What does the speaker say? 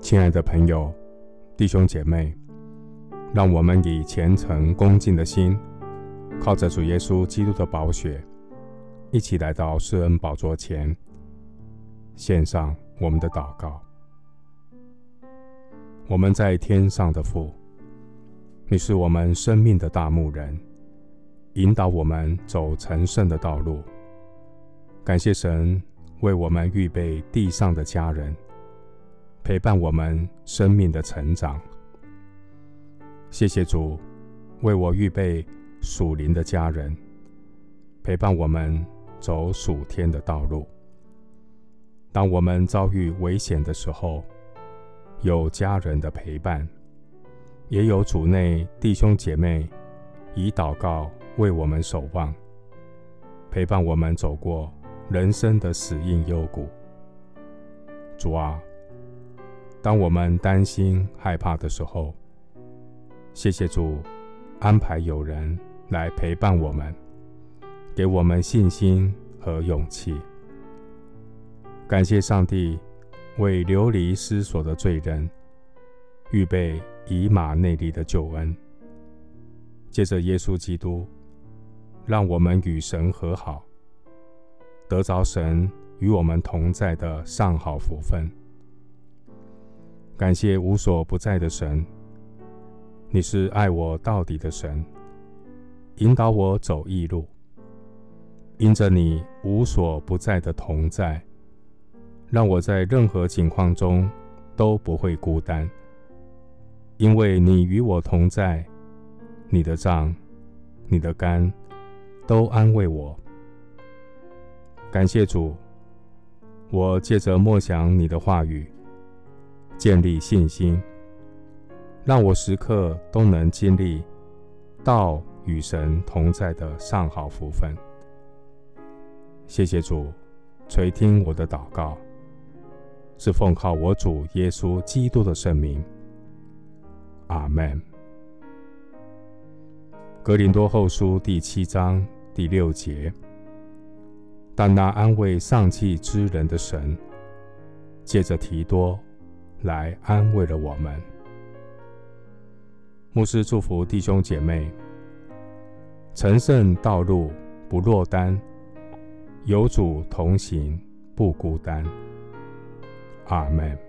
親愛的朋友、弟兄姐妹，讓我們以虔誠恭敬的心，靠着主耶穌基督的寶血，一起來到施恩寶座前，獻上我們的禱告。我們在天上的父，你是我們生命的大牧人，引導我們走成聖的道路。感謝神為我們預備地上的家人。陪伴我們生命的成長，謝謝主，為我預備屬靈的家人，陪伴我們走屬天的道路。當我們遭遇危險的時候，有家人的陪伴，也有主內弟兄姐妹以禱告為我們守望，陪伴我們走過人生的死蔭幽谷。主啊。當我們擔心、害怕的時候，謝謝主安排有人來陪伴我們，給我們信心和勇氣。感謝上帝為流離失所的罪人預備以馬內利的救恩。借著耶穌基督，讓我們與神和好，得着神與我們同在的上好福分。感謝無所不在的神，你是愛我到底的神，引導我走義路。因着你無所不在的同在，讓我在任何情況中都不會孤單，因為你與我同在，你的杖、你的竿都安慰我。感謝主，我借着默想你的話語。建立信心，讓我時刻都能經歷到與神同在的上好福分。謝謝主垂聽我的禱告，是奉靠我主耶穌基督的聖名。阿門。格林多後書第七章第六節，但那安慰喪氣之人的神，借着提多，來安慰了我們。牧師祝福弟兄姐妹：成聖道路不落單，有主同行不孤單。阿門。